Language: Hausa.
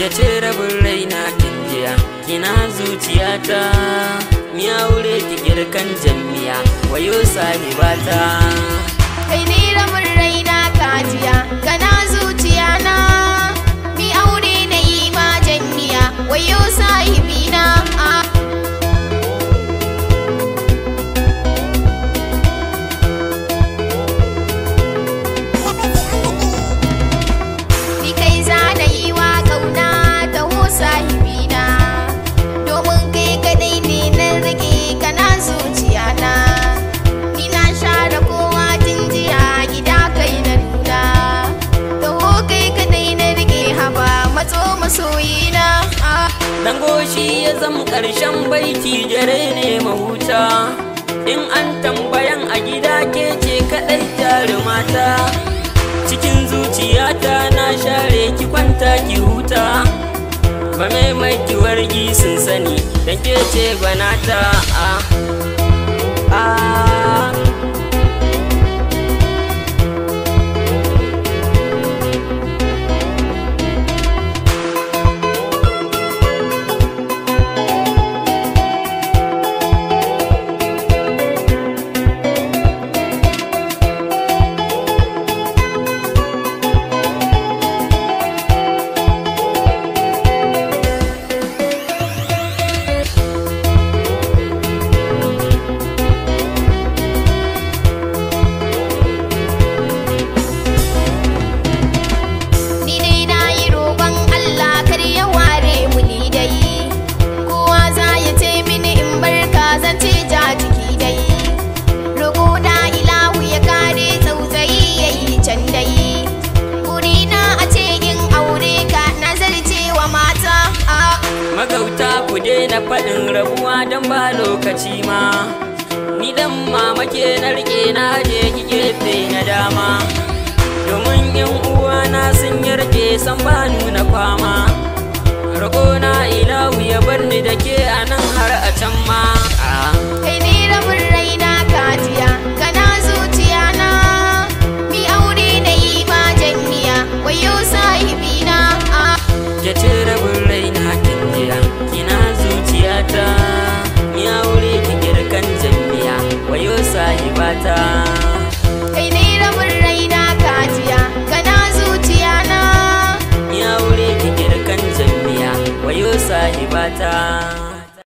ke ce rabin raina kin jiya kina zuciyata mi aure ki girkan jamiya wayo sahibata kai ni rabin raina kajiya Dangoshi ya zama ƙarshen baiti jare ne mahuta in an tambayan a gida ke ce kaɗai mata cikin zuciyata na share ki kwanta ki huta ba mai mai wargi sun sani da ke ce banata a ah, ah. rabuwa don ba lokaci ma ni dan mama ke na rike na je ki gefe na dama domin yan uwa na sun yarke san ba nuna kwama raƙo na ilahu ya bar ni da ke a nan time.